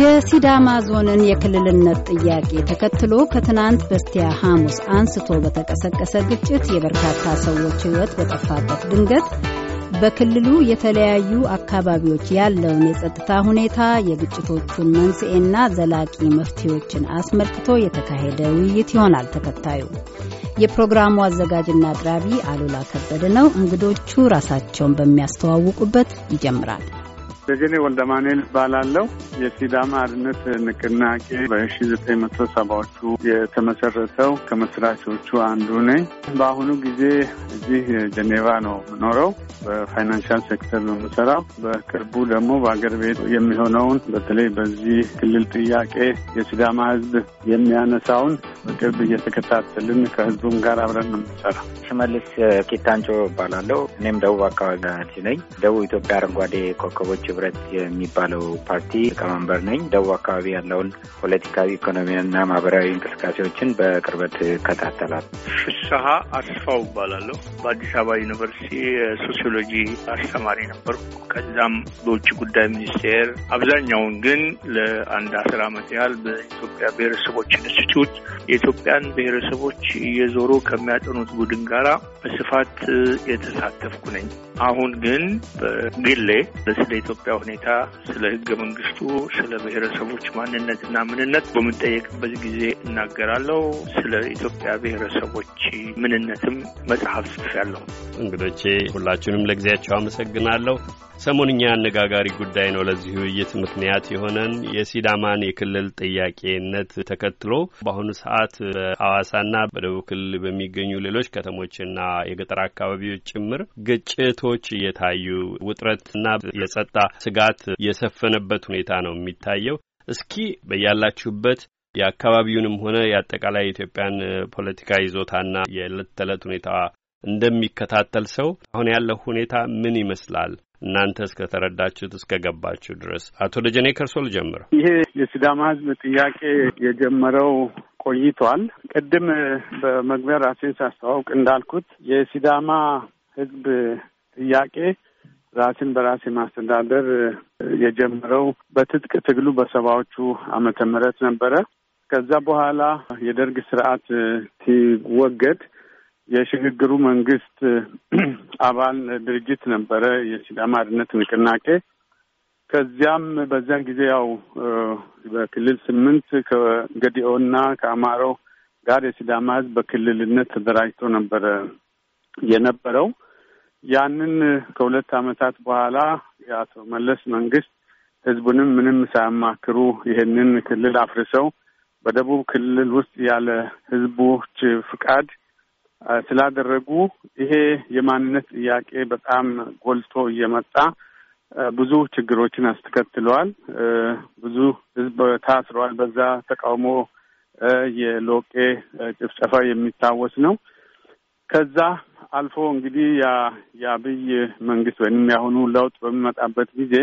የሲዳማ ዞንን የክልልነት ጥያቄ ተከትሎ ከትናንት በስቲያ ሐሙስ አንስቶ በተቀሰቀሰ ግጭት የበርካታ ሰዎች ሕይወት በጠፋበት ድንገት በክልሉ የተለያዩ አካባቢዎች ያለውን የጸጥታ ሁኔታ የግጭቶቹን መንስኤና ዘላቂ መፍትሄዎችን አስመልክቶ የተካሄደ ውይይት ይሆናል ተከታዩ። የፕሮግራሙ አዘጋጅና አቅራቢ አሉላ ከበደ ነው። እንግዶቹ ራሳቸውን በሚያስተዋውቁበት ይጀምራል። ደጀኔ ወልደ ማኑኤል እባላለሁ። የሲዳማ አርነት ንቅናቄ በሺ ዘጠኝ መቶ ሰባዎቹ የተመሰረተው ከመስራቾቹ አንዱ ነኝ። በአሁኑ ጊዜ እዚህ ጀኔቫ ነው የምኖረው። በፋይናንሻል ሴክተር ነው የምሰራው። በቅርቡ ደግሞ በአገር ቤት የሚሆነውን በተለይ በዚህ ክልል ጥያቄ የሲዳማ ህዝብ የሚያነሳውን በቅርብ እየተከታተልን ከህዝቡም ጋር አብረን ነው የምንሰራው። ሽመልስ ኬታንጮ እባላለሁ። እኔም ደቡብ አካባቢ ነኝ። ደቡብ ኢትዮጵያ አረንጓዴ ኮከቦች ህብረት የሚባለው ፓርቲ ሊቀመንበር ነኝ። ደቡብ አካባቢ ያለውን ፖለቲካዊ፣ ኢኮኖሚያና ማህበራዊ እንቅስቃሴዎችን በቅርበት እከታተላለሁ። ፍስሀ አስፋው እባላለሁ። በአዲስ አበባ ዩኒቨርሲቲ የሶሲዮሎጂ አስተማሪ ነበር። ከዛም በውጭ ጉዳይ ሚኒስቴር አብዛኛውን ግን ለአንድ አስር ዓመት ያህል በኢትዮጵያ ብሔረሰቦች ኢንስቲትዩት የኢትዮጵያን ብሔረሰቦች እየዞሩ ከሚያጠኑት ቡድን ጋራ በስፋት የተሳተፍኩ ነኝ። አሁን ግን በግሌ ስለ የኢትዮጵያ ሁኔታ፣ ስለ ህገ መንግስቱ፣ ስለ ብሔረሰቦች ማንነትና ምንነት በምንጠየቅበት ጊዜ እናገራለሁ። ስለ ኢትዮጵያ ብሔረሰቦች ምንነትም መጽሐፍ ጽፌያለሁ። እንግዶቼ ሁላችሁንም ለጊዜያቸው አመሰግናለሁ። ሰሞንኛ አነጋጋሪ ጉዳይ ነው። ለዚህ ውይይት ምክንያት የሆነን የሲዳማን የክልል ጥያቄነት ተከትሎ በአሁኑ ሰዓት በሐዋሳና በደቡብ ክልል በሚገኙ ሌሎች ከተሞችና የገጠር አካባቢዎች ጭምር ግጭቶች እየታዩ ውጥረትና የጸጥታ ስጋት የሰፈነበት ሁኔታ ነው የሚታየው። እስኪ በያላችሁበት የአካባቢውንም ሆነ የአጠቃላይ የኢትዮጵያን ፖለቲካ ይዞታና የዕለት ተዕለት ሁኔታ እንደሚከታተል ሰው አሁን ያለው ሁኔታ ምን ይመስላል? እናንተ እስከ ተረዳችሁት እስከ ገባችሁ ድረስ አቶ ደጀኔ ከርሶ ልጀምረው። ይሄ የሲዳማ ሕዝብ ጥያቄ የጀመረው ቆይቷል። ቅድም በመግቢያ ራሴን ሳስተዋውቅ እንዳልኩት የሲዳማ ሕዝብ ጥያቄ ራስን በራስ የማስተዳደር የጀመረው በትጥቅ ትግሉ በሰባዎቹ ዓመተ ምህረት ነበረ። ከዛ በኋላ የደርግ ስርዓት ሲወገድ የሽግግሩ መንግስት አባል ድርጅት ነበረ የሲዳማ አርነት ንቅናቄ። ከዚያም በዚያን ጊዜ ያው በክልል ስምንት ከገዲኦና ከአማሮ ጋር የሲዳማ ህዝብ በክልልነት ተደራጅቶ ነበረ የነበረው ያንን ከሁለት ዓመታት በኋላ የአቶ መለስ መንግስት ህዝቡንም ምንም ሳያማክሩ ይሄንን ክልል አፍርሰው በደቡብ ክልል ውስጥ ያለ ህዝቦች ፍቃድ ስላደረጉ ይሄ የማንነት ጥያቄ በጣም ጎልቶ እየመጣ ብዙ ችግሮችን አስተከትለዋል። ብዙ ህዝብ ታስረዋል። በዛ ተቃውሞ የሎቄ ጭፍጨፋ የሚታወስ ነው። ከዛ አልፎ እንግዲህ የአብይ መንግስት ወይም የአሁኑ ለውጥ በሚመጣበት ጊዜ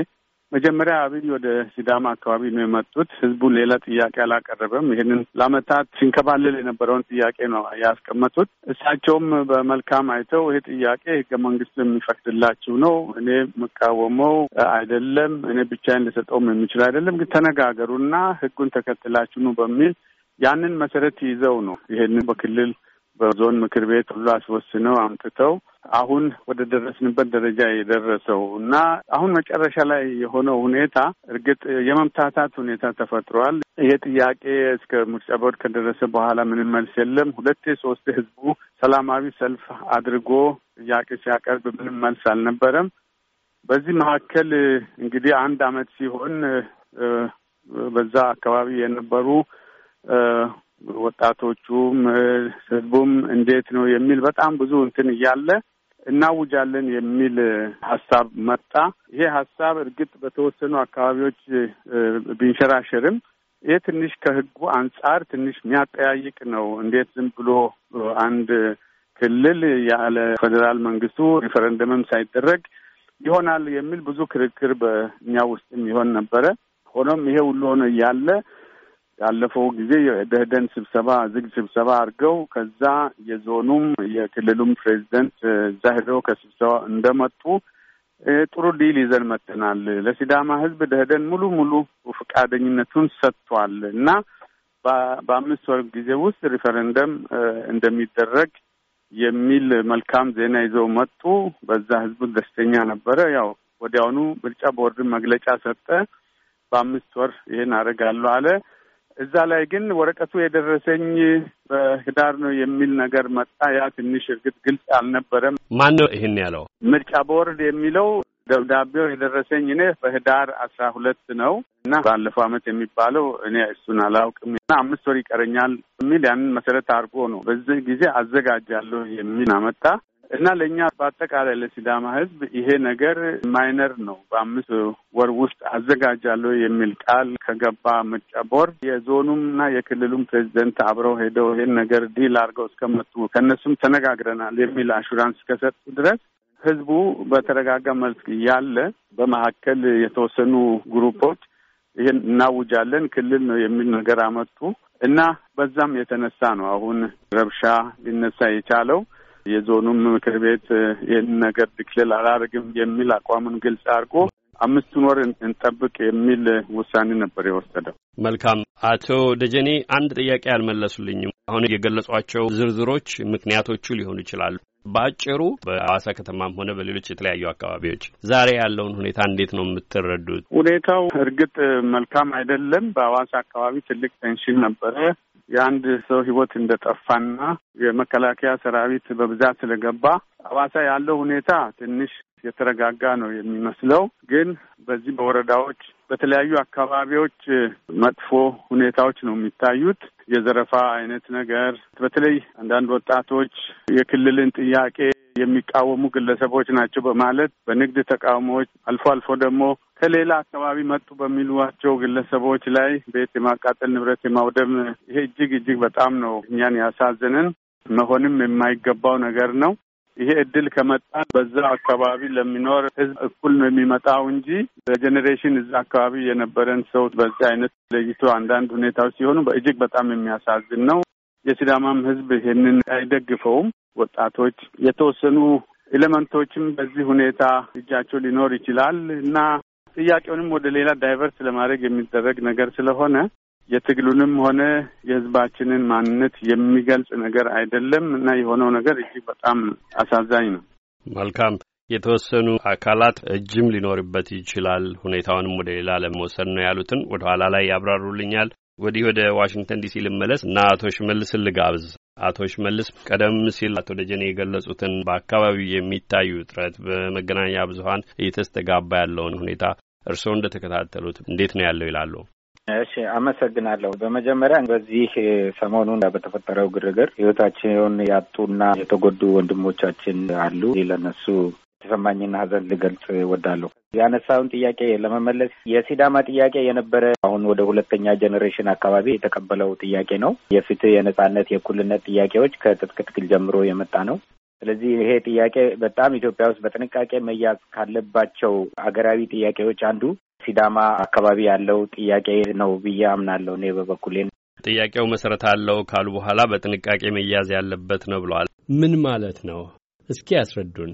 መጀመሪያ አብይ ወደ ሲዳማ አካባቢ ነው የመጡት። ህዝቡ ሌላ ጥያቄ አላቀረበም። ይህንን ለአመታት ሲንከባለል የነበረውን ጥያቄ ነው ያስቀመጡት። እሳቸውም በመልካም አይተው ይሄ ጥያቄ ህገ መንግስት የሚፈቅድላችሁ ነው፣ እኔ የምቃወመው አይደለም፣ እኔ ብቻዬን ልሰጠውም የሚችል አይደለም፣ ግን ተነጋገሩና ህጉን ተከትላችሁ ነው በሚል ያንን መሰረት ይዘው ነው ይሄንን በክልል በዞን ምክር ቤት ሁሉ አስወስነው አምጥተው አሁን ወደ ደረስንበት ደረጃ የደረሰው እና አሁን መጨረሻ ላይ የሆነው ሁኔታ እርግጥ የመምታታት ሁኔታ ተፈጥሯል። ይሄ ጥያቄ እስከ ምርጫ ቦርድ ከደረሰ በኋላ ምንም መልስ የለም። ሁለቴ ሶስቴ ህዝቡ ሰላማዊ ሰልፍ አድርጎ ጥያቄ ሲያቀርብ ምንም መልስ አልነበረም። በዚህ መካከል እንግዲህ አንድ አመት ሲሆን በዛ አካባቢ የነበሩ ወጣቶቹም ህዝቡም እንዴት ነው የሚል በጣም ብዙ እንትን እያለ እናውጃለን የሚል ሀሳብ መጣ። ይሄ ሀሳብ እርግጥ በተወሰኑ አካባቢዎች ቢንሸራሸርም ይሄ ትንሽ ከህጉ አንጻር ትንሽ የሚያጠያይቅ ነው። እንዴት ዝም ብሎ አንድ ክልል ያለ ፌዴራል መንግስቱ ሪፈረንደምም ሳይደረግ ይሆናል የሚል ብዙ ክርክር በእኛ ውስጥም ይሆን ነበረ። ሆኖም ይሄ ሁሉ ሆነ እያለ ያለፈው ጊዜ የደህደን ስብሰባ ዝግ ስብሰባ አድርገው ከዛ የዞኑም የክልሉም ፕሬዚደንት እዛ ሄደው ከስብሰባ እንደመጡ ጥሩ ዲል ይዘን መጥተናል። ለሲዳማ ህዝብ ደህደን ሙሉ ሙሉ ፈቃደኝነቱን ሰጥቷል እና በአምስት ወር ጊዜ ውስጥ ሪፈረንደም እንደሚደረግ የሚል መልካም ዜና ይዘው መጡ። በዛ ህዝቡ ደስተኛ ነበረ። ያው ወዲያውኑ ምርጫ ቦርድን መግለጫ ሰጠ። በአምስት ወር ይህን አደርጋለሁ አለ። እዛ ላይ ግን ወረቀቱ የደረሰኝ በህዳር ነው የሚል ነገር መጣ። ያ ትንሽ እርግጥ ግልጽ አልነበረም። ማን ነው ይህን ያለው? ምርጫ ቦርድ የሚለው ደብዳቤው የደረሰኝ እኔ በህዳር አስራ ሁለት ነው እና ባለፈው አመት የሚባለው እኔ እሱን አላውቅም እና አምስት ወር ይቀረኛል የሚል ያንን መሰረት አድርጎ ነው በዚህ ጊዜ አዘጋጃለሁ የሚል አመጣ። እና ለእኛ በአጠቃላይ ለሲዳማ ህዝብ ይሄ ነገር ማይነር ነው። በአምስት ወር ውስጥ አዘጋጃለሁ የሚል ቃል ከገባ ምርጫ ቦርድ የዞኑም እና የክልሉም ፕሬዚደንት አብረው ሄደው ይሄን ነገር ዲል አድርገው እስከመጡ ከእነሱም ተነጋግረናል የሚል አሹራንስ ከሰጡ ድረስ ህዝቡ በተረጋጋ መልክ ያለ በመካከል የተወሰኑ ግሩፖች ይህን እናውጃለን ክልል ነው የሚል ነገር አመጡ እና በዛም የተነሳ ነው አሁን ረብሻ ሊነሳ የቻለው። የዞኑም ምክር ቤት ይህን ነገር ድክልል አላደርግም የሚል አቋሙን ግልጽ አድርጎ አምስቱን ወር እንጠብቅ የሚል ውሳኔ ነበር የወሰደው። መልካም አቶ ደጀኔ አንድ ጥያቄ አልመለሱልኝም አሁን የገለጿቸው ዝርዝሮች ምክንያቶቹ ሊሆኑ ይችላሉ። በአጭሩ በሐዋሳ ከተማም ሆነ በሌሎች የተለያዩ አካባቢዎች ዛሬ ያለውን ሁኔታ እንዴት ነው የምትረዱት? ሁኔታው እርግጥ መልካም አይደለም። በሐዋሳ አካባቢ ትልቅ ቴንሽን ነበረ። የአንድ ሰው ህይወት እንደጠፋና የመከላከያ ሰራዊት በብዛት ስለገባ አዋሳ ያለው ሁኔታ ትንሽ የተረጋጋ ነው የሚመስለው። ግን በዚህ በወረዳዎች በተለያዩ አካባቢዎች መጥፎ ሁኔታዎች ነው የሚታዩት። የዘረፋ አይነት ነገር በተለይ አንዳንድ ወጣቶች የክልልን ጥያቄ የሚቃወሙ ግለሰቦች ናቸው በማለት በንግድ ተቃውሞዎች አልፎ አልፎ ደግሞ ከሌላ አካባቢ መጡ በሚሏቸው ግለሰቦች ላይ ቤት የማቃጠል ንብረት የማውደም ይሄ እጅግ እጅግ በጣም ነው እኛን ያሳዝንን። መሆንም የማይገባው ነገር ነው። ይሄ እድል ከመጣ በዛ አካባቢ ለሚኖር ህዝብ እኩል ነው የሚመጣው እንጂ በጀኔሬሽን እዛ አካባቢ የነበረን ሰው በዚህ አይነት ለይቶ አንዳንድ ሁኔታዎች ሲሆኑ በእጅግ በጣም የሚያሳዝን ነው። የሲዳማም ህዝብ ይህንን አይደግፈውም። ወጣቶች የተወሰኑ ኤሌመንቶችም በዚህ ሁኔታ እጃቸው ሊኖር ይችላል እና ጥያቄውንም ወደ ሌላ ዳይቨርስ ለማድረግ የሚደረግ ነገር ስለሆነ የትግሉንም ሆነ የህዝባችንን ማንነት የሚገልጽ ነገር አይደለም እና የሆነው ነገር እጅግ በጣም አሳዛኝ ነው። መልካም የተወሰኑ አካላት እጅም ሊኖርበት ይችላል። ሁኔታውንም ወደ ሌላ ለመወሰድ ነው ያሉትን ወደ ኋላ ላይ ያብራሩልኛል። ወዲህ ወደ ዋሽንግተን ዲሲ ልመለስ እና አቶ ሽመልስ ልጋብዝ። አቶ ሽመልስ ቀደም ሲል አቶ ደጀኔ የገለጹትን በአካባቢው የሚታዩ እጥረት፣ በመገናኛ ብዙኃን እየተስተጋባ ያለውን ሁኔታ እርስዎ እንደተከታተሉት እንዴት ነው ያለው ይላሉ? እሺ፣ አመሰግናለሁ። በመጀመሪያ በዚህ ሰሞኑን በተፈጠረው ግርግር ህይወታቸውን ያጡና የተጎዱ ወንድሞቻችን አሉ። ለነሱ የተሰማኝና ሀዘን ልገልጽ እወዳለሁ። ያነሳውን ጥያቄ ለመመለስ የሲዳማ ጥያቄ የነበረ አሁን ወደ ሁለተኛ ጀኔሬሽን አካባቢ የተቀበለው ጥያቄ ነው። የፍትህ፣ የነጻነት፣ የእኩልነት ጥያቄዎች ከትጥቅ ትግል ጀምሮ የመጣ ነው። ስለዚህ ይሄ ጥያቄ በጣም ኢትዮጵያ ውስጥ በጥንቃቄ መያዝ ካለባቸው አገራዊ ጥያቄዎች አንዱ ሲዳማ አካባቢ ያለው ጥያቄ ነው ብዬ አምናለሁ። እኔ በበኩሌ ጥያቄው መሰረት አለው ካሉ በኋላ በጥንቃቄ መያዝ ያለበት ነው ብለዋል። ምን ማለት ነው? እስኪ ያስረዱን።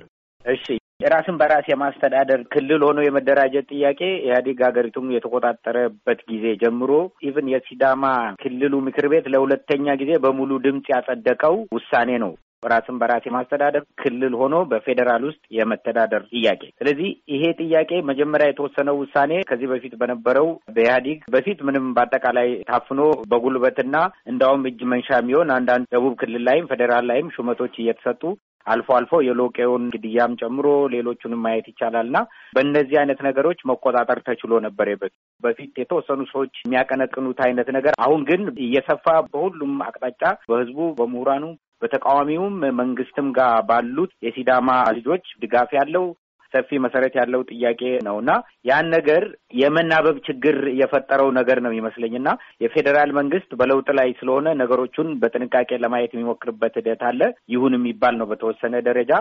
እሺ ራስን በራስ የማስተዳደር ክልል ሆኖ የመደራጀት ጥያቄ ኢህአዴግ ሀገሪቱም የተቆጣጠረበት ጊዜ ጀምሮ ኢቭን የሲዳማ ክልሉ ምክር ቤት ለሁለተኛ ጊዜ በሙሉ ድምፅ ያጸደቀው ውሳኔ ነው። ራስን በራስ የማስተዳደር ክልል ሆኖ በፌዴራል ውስጥ የመተዳደር ጥያቄ። ስለዚህ ይሄ ጥያቄ መጀመሪያ የተወሰነው ውሳኔ ከዚህ በፊት በነበረው በኢህአዲግ በፊት ምንም በአጠቃላይ ታፍኖ በጉልበትና እንዳውም እጅ መንሻ የሚሆን አንዳንድ ደቡብ ክልል ላይም ፌዴራል ላይም ሹመቶች እየተሰጡ አልፎ አልፎ የሎቄውን ግድያም ጨምሮ ሌሎቹንም ማየት ይቻላልና በእነዚህ አይነት ነገሮች መቆጣጠር ተችሎ ነበር። በፊት የተወሰኑ ሰዎች የሚያቀነቅኑት አይነት ነገር አሁን ግን እየሰፋ በሁሉም አቅጣጫ በህዝቡ፣ በምሁራኑ፣ በተቃዋሚውም መንግስትም ጋር ባሉት የሲዳማ ልጆች ድጋፍ ያለው ሰፊ መሰረት ያለው ጥያቄ ነው እና ያን ነገር የመናበብ ችግር የፈጠረው ነገር ነው ይመስለኝ እና የፌዴራል መንግስት በለውጥ ላይ ስለሆነ ነገሮቹን በጥንቃቄ ለማየት የሚሞክርበት ሂደት አለ። ይሁን የሚባል ነው በተወሰነ ደረጃ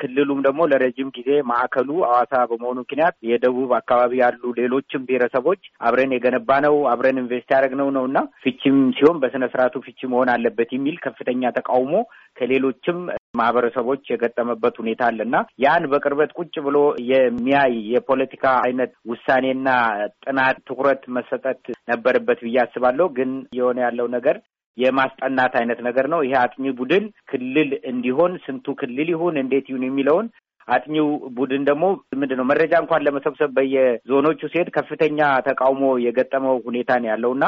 ክልሉም ደግሞ ለረጅም ጊዜ ማዕከሉ አዋሳ በመሆኑ ምክንያት የደቡብ አካባቢ ያሉ ሌሎችም ብሔረሰቦች አብረን የገነባ ነው አብረን ኢንቨስት ያደረግነው ነው እና ፍቺም ሲሆን በስነ ስርዓቱ ፍቺ መሆን አለበት የሚል ከፍተኛ ተቃውሞ ከሌሎችም ማህበረሰቦች የገጠመበት ሁኔታ አለ እና ያን በቅርበት ቁጭ ብሎ የሚያይ የፖለቲካ አይነት ውሳኔና ጥናት ትኩረት መሰጠት ነበረበት ብዬ አስባለሁ። ግን የሆነ ያለው ነገር የማስጠናት አይነት ነገር ነው። ይሄ አጥኚ ቡድን ክልል እንዲሆን ስንቱ ክልል ይሁን እንዴት ይሁን የሚለውን አጥኚው ቡድን ደግሞ ምንድን ነው መረጃ እንኳን ለመሰብሰብ በየዞኖቹ ሲሄድ ከፍተኛ ተቃውሞ የገጠመው ሁኔታ ነው ያለውና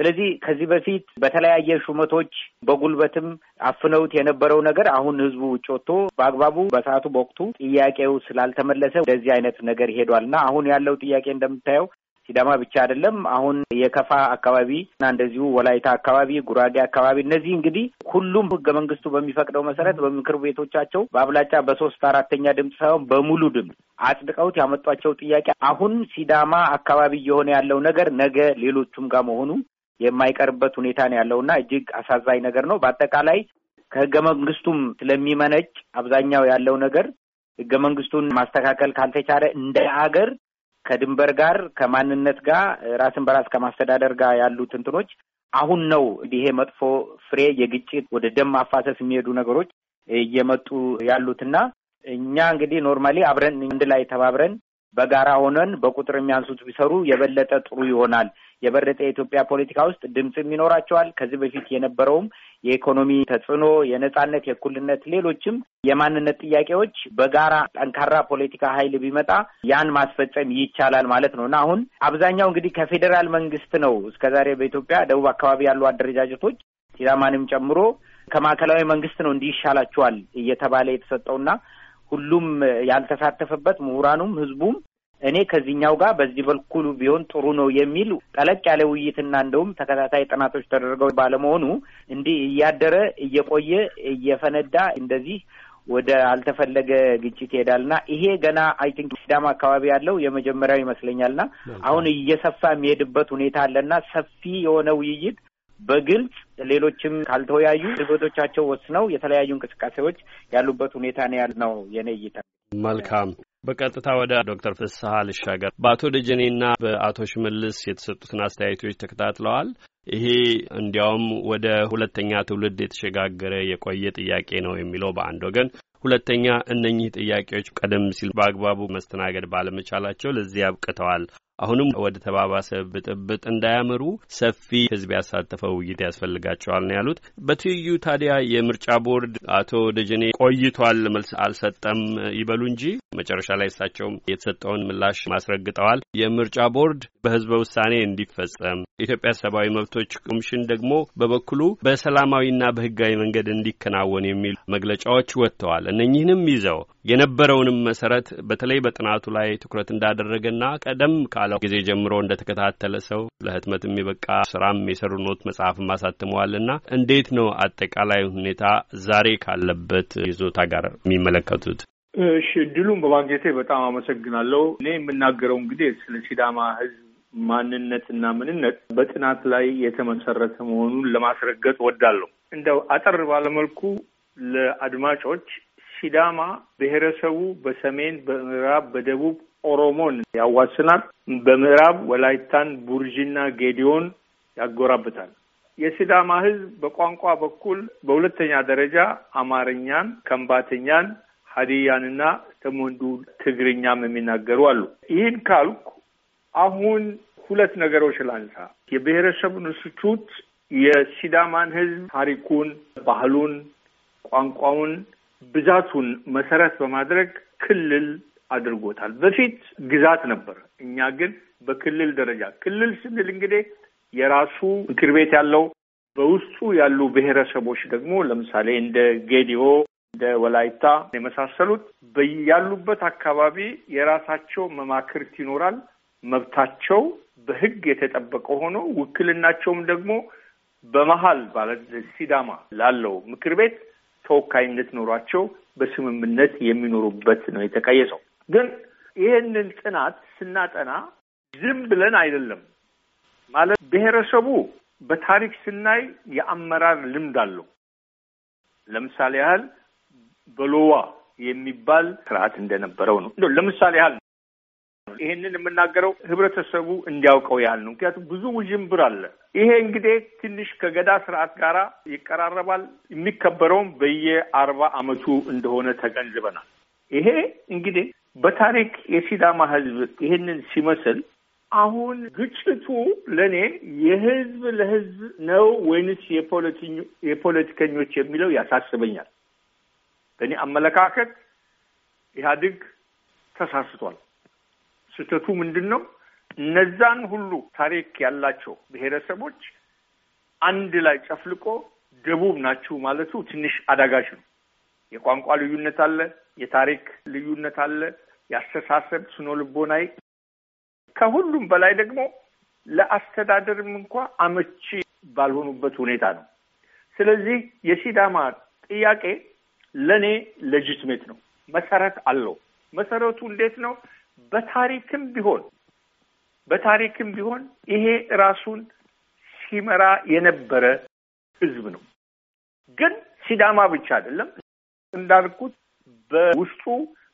ስለዚህ ከዚህ በፊት በተለያየ ሹመቶች በጉልበትም አፍነውት የነበረው ነገር አሁን ህዝቡ ውጭ ወጥቶ በአግባቡ በሰዓቱ በወቅቱ ጥያቄው ስላልተመለሰ ወደዚህ አይነት ነገር ይሄዷል እና አሁን ያለው ጥያቄ እንደምታየው ሲዳማ ብቻ አይደለም። አሁን የከፋ አካባቢ እና እንደዚሁ ወላይታ አካባቢ፣ ጉራጌ አካባቢ እነዚህ እንግዲህ ሁሉም ህገ መንግስቱ በሚፈቅደው መሰረት በምክር ቤቶቻቸው በአብላጫ በሶስት አራተኛ ድምፅ ሳይሆን በሙሉ ድምፅ አጽድቀውት ያመጧቸው ጥያቄ አሁን ሲዳማ አካባቢ እየሆነ ያለው ነገር ነገ ሌሎቹም ጋር መሆኑ የማይቀርበት ሁኔታ ነው ያለውና እጅግ አሳዛኝ ነገር ነው። በአጠቃላይ ከህገ መንግስቱም ስለሚመነጭ አብዛኛው ያለው ነገር ህገ መንግስቱን ማስተካከል ካልተቻለ እንደ አገር ከድንበር ጋር ከማንነት ጋር ራስን በራስ ከማስተዳደር ጋር ያሉት እንትኖች አሁን ነው ይሄ መጥፎ ፍሬ የግጭት ወደ ደም ማፋሰስ የሚሄዱ ነገሮች እየመጡ ያሉትና እኛ እንግዲህ ኖርማሊ አብረን አንድ ላይ ተባብረን በጋራ ሆነን በቁጥር የሚያንሱት ቢሰሩ የበለጠ ጥሩ ይሆናል። የበለጠ የኢትዮጵያ ፖለቲካ ውስጥ ድምፅም ይኖራቸዋል። ከዚህ በፊት የነበረውም የኢኮኖሚ ተጽዕኖ፣ የነጻነት፣ የእኩልነት፣ ሌሎችም የማንነት ጥያቄዎች በጋራ ጠንካራ ፖለቲካ ኃይል ቢመጣ ያን ማስፈጸም ይቻላል ማለት ነው እና አሁን አብዛኛው እንግዲህ ከፌዴራል መንግስት ነው እስከዛሬ በኢትዮጵያ ደቡብ አካባቢ ያሉ አደረጃጀቶች ሲዳማንም ጨምሮ ከማዕከላዊ መንግስት ነው እንዲህ ይሻላችኋል እየተባለ የተሰጠውና ሁሉም ያልተሳተፈበት ምሁራኑም ህዝቡም እኔ ከዚህኛው ጋር በዚህ በኩሉ ቢሆን ጥሩ ነው የሚል ጠለቅ ያለ ውይይትና እንደውም ተከታታይ ጥናቶች ተደርገው ባለመሆኑ እንዲህ እያደረ እየቆየ እየፈነዳ እንደዚህ ወደ አልተፈለገ ግጭት ይሄዳልና ይሄ ገና አይ ቲንክ ሲዳማ አካባቢ ያለው የመጀመሪያው ይመስለኛልና አሁን እየሰፋ የሚሄድበት ሁኔታ አለና ሰፊ የሆነ ውይይት በግልጽ ሌሎችም ካልተወያዩ ድርጎቶቻቸው ወስነው የተለያዩ እንቅስቃሴዎች ያሉበት ሁኔታ ነው ነው የኔ እይታ። መልካም በቀጥታ ወደ ዶክተር ፍስሀ ልሻገር። በአቶ ደጀኔና በአቶ ሽመልስ የተሰጡትን አስተያየቶች ተከታትለዋል። ይሄ እንዲያውም ወደ ሁለተኛ ትውልድ የተሸጋገረ የቆየ ጥያቄ ነው የሚለው በአንድ ወገን፣ ሁለተኛ እነኚህ ጥያቄዎች ቀደም ሲል በአግባቡ መስተናገድ ባለመቻላቸው ለዚህ ያብቅተዋል። አሁንም ወደ ተባባሰ ብጥብጥ እንዳያመሩ ሰፊ ህዝብ ያሳተፈው ውይይት ያስፈልጋቸዋል ነው ያሉት። በትይዩ ታዲያ የምርጫ ቦርድ አቶ ደጀኔ ቆይቷል መልስ አልሰጠም ይበሉ እንጂ መጨረሻ ላይ እሳቸውም የተሰጠውን ምላሽ ማስረግጠዋል። የምርጫ ቦርድ በህዝበ ውሳኔ እንዲፈጸም የኢትዮጵያ ሰብአዊ መብቶች ኮሚሽን ደግሞ በበኩሉ በሰላማዊና በህጋዊ መንገድ እንዲከናወን የሚል መግለጫዎች ወጥተዋል። እነኚህንም ይዘው የነበረውንም መሰረት በተለይ በጥናቱ ላይ ትኩረት እንዳደረገና ቀደም ካለው ጊዜ ጀምሮ እንደተከታተለ ሰው ለህትመት የበቃ ስራም የሰሩ ኖት መጽሐፍም አሳትመዋልና እንዴት ነው አጠቃላይ ሁኔታ ዛሬ ካለበት ይዞታ ጋር የሚመለከቱት? እሺ፣ እድሉን በማግኘቴ በጣም አመሰግናለሁ። እኔ የምናገረው እንግዲህ ስለ ሲዳማ ህዝብ ማንነትና ምንነት በጥናት ላይ የተመሰረተ መሆኑን ለማስረገጥ ወዳለሁ። እንደው አጠር ባለመልኩ ለአድማጮች ሲዳማ ብሔረሰቡ በሰሜን፣ በምዕራብ፣ በደቡብ ኦሮሞን ያዋስናል፣ በምዕራብ ወላይታን፣ ቡርጂና ጌዲዮን ያጎራብታል። የሲዳማ ሕዝብ በቋንቋ በኩል በሁለተኛ ደረጃ አማርኛን፣ ከምባተኛን፣ ሀዲያንና ተሞንዱ ትግርኛም የሚናገሩ አሉ። ይህን ካልኩ አሁን ሁለት ነገሮች ላንሳ። የብሔረሰቡ ኢንስቲትዩት የሲዳማን ህዝብ ታሪኩን፣ ባህሉን፣ ቋንቋውን፣ ብዛቱን መሰረት በማድረግ ክልል አድርጎታል። በፊት ግዛት ነበር። እኛ ግን በክልል ደረጃ ክልል ስንል እንግዲህ የራሱ ምክር ቤት ያለው በውስጡ ያሉ ብሔረሰቦች ደግሞ ለምሳሌ እንደ ጌዲዮ እንደ ወላይታ የመሳሰሉት ያሉበት አካባቢ የራሳቸው መማክርት ይኖራል። መብታቸው በህግ የተጠበቀ ሆኖ ውክልናቸውም ደግሞ በመሀል ማለት ሲዳማ ላለው ምክር ቤት ተወካይነት ኖሯቸው በስምምነት የሚኖሩበት ነው የተቀየሰው። ግን ይህንን ጥናት ስናጠና ዝም ብለን አይደለም ማለት ብሔረሰቡ በታሪክ ስናይ የአመራር ልምድ አለው። ለምሳሌ ያህል በሎዋ የሚባል ስርዓት እንደነበረው ነው። ለምሳሌ ያህል ይሄንን የምናገረው ህብረተሰቡ እንዲያውቀው ያህል ነው። ምክንያቱም ብዙ ውዥንብር አለ። ይሄ እንግዲህ ትንሽ ከገዳ ስርዓት ጋራ ይቀራረባል። የሚከበረውም በየአርባ አመቱ እንደሆነ ተገንዝበናል። ይሄ እንግዲህ በታሪክ የሲዳማ ህዝብ ይሄንን ሲመስል አሁን ግጭቱ ለእኔ የህዝብ ለህዝብ ነው ወይንስ የፖለቲከኞች የሚለው ያሳስበኛል። በእኔ አመለካከት ኢህአዴግ ተሳስቷል። ስህተቱ ምንድን ነው? እነዛን ሁሉ ታሪክ ያላቸው ብሔረሰቦች አንድ ላይ ጨፍልቆ ደቡብ ናችሁ ማለቱ ትንሽ አዳጋች ነው። የቋንቋ ልዩነት አለ፣ የታሪክ ልዩነት አለ፣ የአስተሳሰብ ስኖ ልቦናይ ከሁሉም በላይ ደግሞ ለአስተዳደርም እንኳ አመቺ ባልሆኑበት ሁኔታ ነው። ስለዚህ የሲዳማ ጥያቄ ለእኔ ሌጂትሜት ነው፣ መሰረት አለው። መሰረቱ እንዴት ነው? በታሪክም ቢሆን በታሪክም ቢሆን ይሄ ራሱን ሲመራ የነበረ ህዝብ ነው። ግን ሲዳማ ብቻ አይደለም እንዳልኩት በውስጡ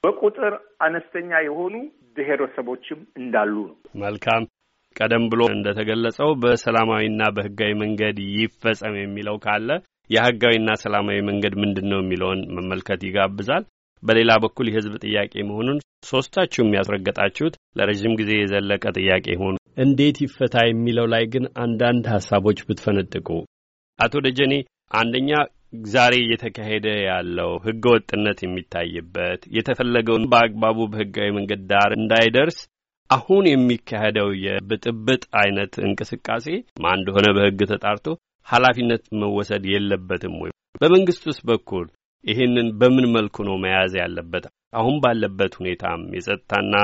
በቁጥር አነስተኛ የሆኑ ብሔረሰቦችም እንዳሉ ነው። መልካም። ቀደም ብሎ እንደተገለጸው በሰላማዊና በህጋዊ መንገድ ይፈጸም የሚለው ካለ የህጋዊና ሰላማዊ መንገድ ምንድን ነው የሚለውን መመልከት ይጋብዛል። በሌላ በኩል የህዝብ ጥያቄ መሆኑን ሶስታችሁም ያስረገጣችሁት ለረዥም ጊዜ የዘለቀ ጥያቄ ሆኑ እንዴት ይፈታ የሚለው ላይ ግን አንዳንድ ሀሳቦች ብትፈነጥቁ። አቶ ደጀኔ አንደኛ ዛሬ እየተካሄደ ያለው ህገ ወጥነት የሚታይበት የተፈለገውን በአግባቡ በህጋዊ መንገድ ዳር እንዳይደርስ አሁን የሚካሄደው የብጥብጥ አይነት እንቅስቃሴ ማን እንደሆነ በህግ ተጣርቶ ኃላፊነት መወሰድ የለበትም ወይ? በመንግስት ውስጥ በኩል ይህንን በምን መልኩ ነው መያዝ ያለበት? አሁን ባለበት ሁኔታም የጸጥታና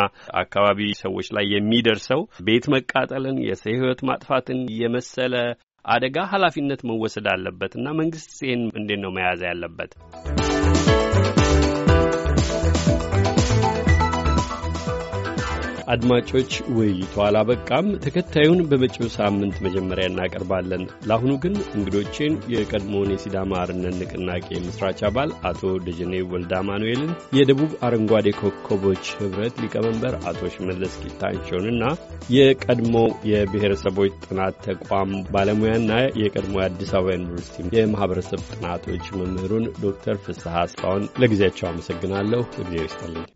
አካባቢ ሰዎች ላይ የሚደርሰው ቤት መቃጠልን፣ የሰው ሕይወት ማጥፋትን የመሰለ አደጋ ኃላፊነት መወሰድ አለበት እና መንግስት ይህን እንዴት ነው መያዝ ያለበት? አድማጮች፣ ውይይቱ አላበቃም። ተከታዩን በመጪው ሳምንት መጀመሪያ እናቀርባለን። ለአሁኑ ግን እንግዶቼን የቀድሞውን የሲዳማ አርነት ንቅናቄ መስራች አባል አቶ ደጀኔ ወልዳ ማኑኤልን፣ የደቡብ አረንጓዴ ኮከቦች ህብረት ሊቀመንበር አቶ ሽመለስ ጌታቸውንና የቀድሞ የብሔረሰቦች ጥናት ተቋም ባለሙያና የቀድሞ የአዲስ አበባ ዩኒቨርሲቲ የማህበረሰብ ጥናቶች መምህሩን ዶክተር ፍስሐ አስፋውን ለጊዜያቸው አመሰግናለሁ። እግዜር ይስጥልኝ።